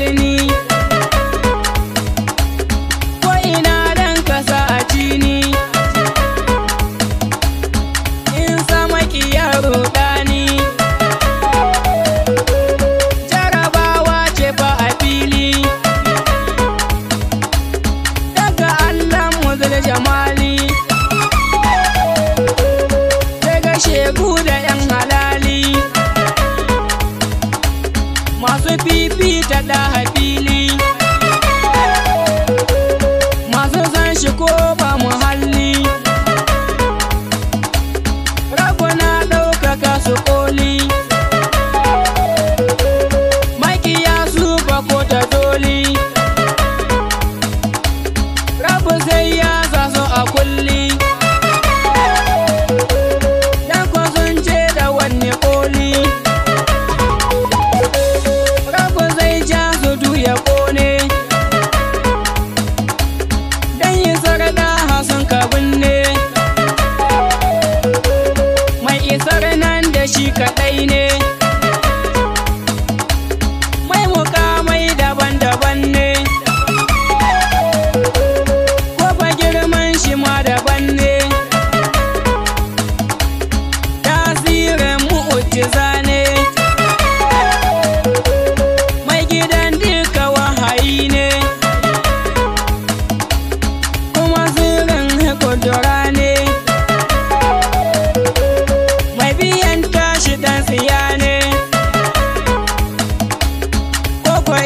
you.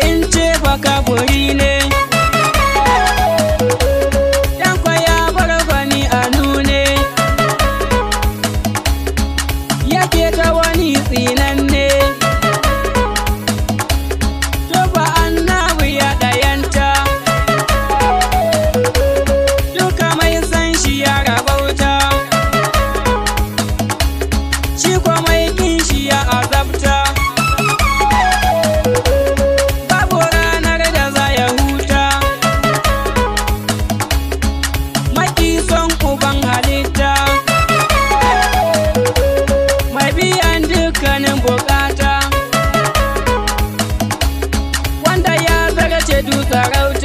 in ce baka buri shedu sarauta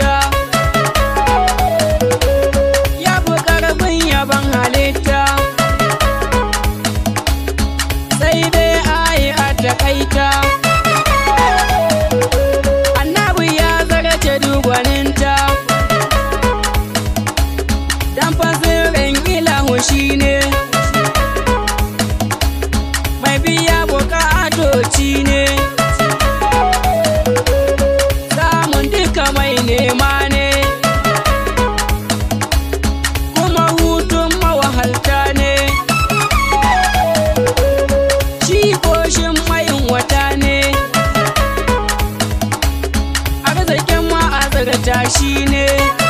sadata shi ne